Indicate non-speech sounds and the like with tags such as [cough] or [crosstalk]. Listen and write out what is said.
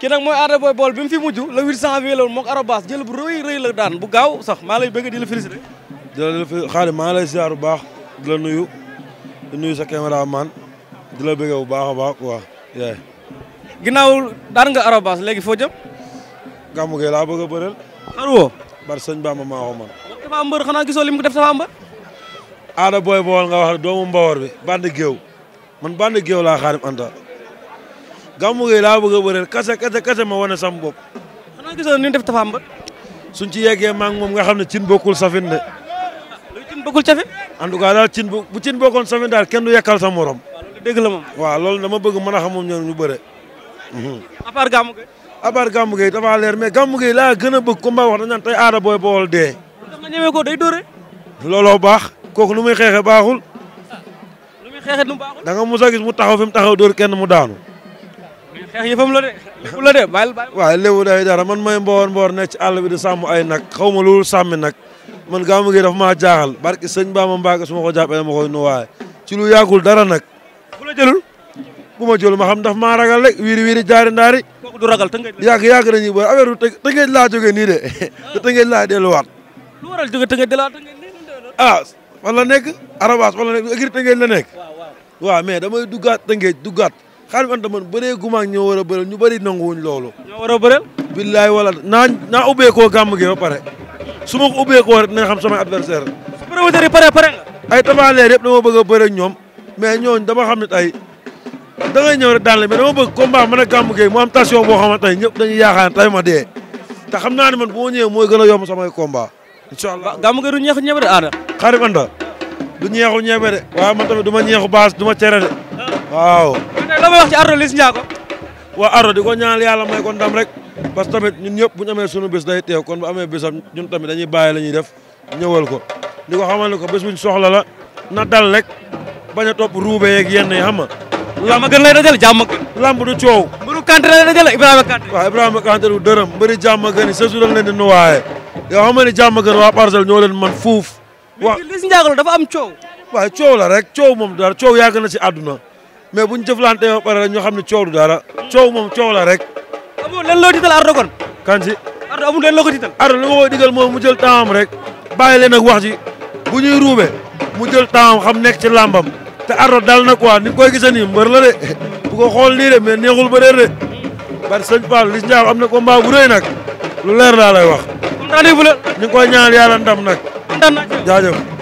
ki nag mooy aada booy bool bi mu fi mujj le 8 janvier loolu moog arobas jël bu rëy rëy la daan bu gaaw sax maa lay bëgg di la féliciter. la xaaral maa lay bu baax di la nuyu di nuyu sa di la bëgg bu baax a baax quoi. ginnaaw daan nga arobas léegi foo jëm. gàmmu laa bëgg a bëreel. xarwoo. bar sëñ Bamba maa ko man. dafa am mbër xanaa gisoo li mu def dafa am mbër. aada booy bool nga wax doomu mbawar bi bande géew man bande géew laa xaarim anta Gamou Gueye laa bëgg a bëreel kase kase kase ma wane sam bopp. xanaa def Tapha Mbeur. suñ ci yeggee maa ngi moom nga xam ne cin bokkul safin de. lu cin bokkul safin. en tout cas daal cin bu bu cin bokkoon safin daal kenn du yekkal sa morom. dégg la moom. waaw loolu dama bëgg mën a xam moom ñoom ñu bëre. Mhm. à part Gamou leer mais Gamou laa gën a bëgg comme ba wax dañu naan tey booy bool dee. ndax nga ko day dóore. looloo baax kooku lu muy xeexee baaxul. lu muy xeexee da nga mu a gis mu taxaw fi mu taxaw dóor kenn mu daanu xeex yëfam la la de bàyyil waaw lébu day dara man may mboor mboor nekk ci àll bi di sàmm ay nag xaw ma loolu sàmmi nag man gàmmu gi dafa maa jaaxal barki sëñ Bamba Mbacke su ma ko jàppee ma koy nuwaay ci lu yàggul dara nag bu la jëlul ma jëlul ma xam daf maa ragal rek wiiri wiiri jaari ndaari kooku du ragal tëngeej yàgg yàgg nañuy booy affaire bi tëngeej laa jógee nii de [laughs] te tëngeej laa delluwaat lu waral jóge tëngeej delluwaat tëngeej ah fan la nekk arabas fan la nekk écrit tëngeej la nekk waaw mais damay xaalis anta man bëree gumaag ñoo war a bëreel ñu bëri nanguwuñ loolu. ñoo war a bëreel. billaay wala naa naa ubbeekoo gàmm gi ba pare su ma ko ubbeekoo rek dina xam sama adversaire su promoteur yi pare pare nga. ay tabaaleer yëpp dama bëgg a bëre ñoom mais ñooñu dama xam ne tey da ngay ñëw rek daan la mais dama bëgg combat mën a gàmm gi mu am tension boo xamante ne ñëpp dañuy yaakaar tey ma dee te xam naa ne man bu ma ñëwee mooy gën a yomb samay combat. incha allah gàmm gi du ñeexu ñebe de aada. xaalis ma du ñeexu ñebe de waaw man ma ñeexu baas du ma cere ah. waaw la may wax ci Ardo Liss Ndiago waaw Ardo di ko ñaanal yàlla may ko ndam rek parce tamit ñun ñëpp bu ñu amee sunu bés day teew kon bu amee bésam ñun tamit dañuy bàyyi la ñuy def ñëwal ko di ko xamal ko bés buñ soxla la na dal rek bañ a topp ruube yeeg yenn yi xam nga lamb gën lay dajal jàmm lamb du coow mbëru Kanté lay dajal Ibrahima Kanté waaw Ibrahima Kanté du dërëm mbëri jàmm gën yi sa su dañ leen di nuwaaye yoo waa parcelle ñoo man fuuf waaw dafa am coow waaw coow la rek coow moom dara coow yàgg na si àdduna mais bu ñu jëflantee ba pare rek ñu xam ne coow du dara coow moom coow la rek. amoo lan loo digal Ardo kon. kan si. Ardo amul lan loo digal. moom mu jël temps rek bàyyi leen ak wax ji bu ñuy ruube mu jël temps xam nekk ci làmbam te Ardo dal na quoi ni koy gisee mbër la de bu ko xool nii de mais neexul ba réer de bari sëñ Fall Liss am na combat bu rëy nag lu leer laa lay wax. kontaanee bu la. ñu ngi koy ñaanal yàlla ndam nag. kontaan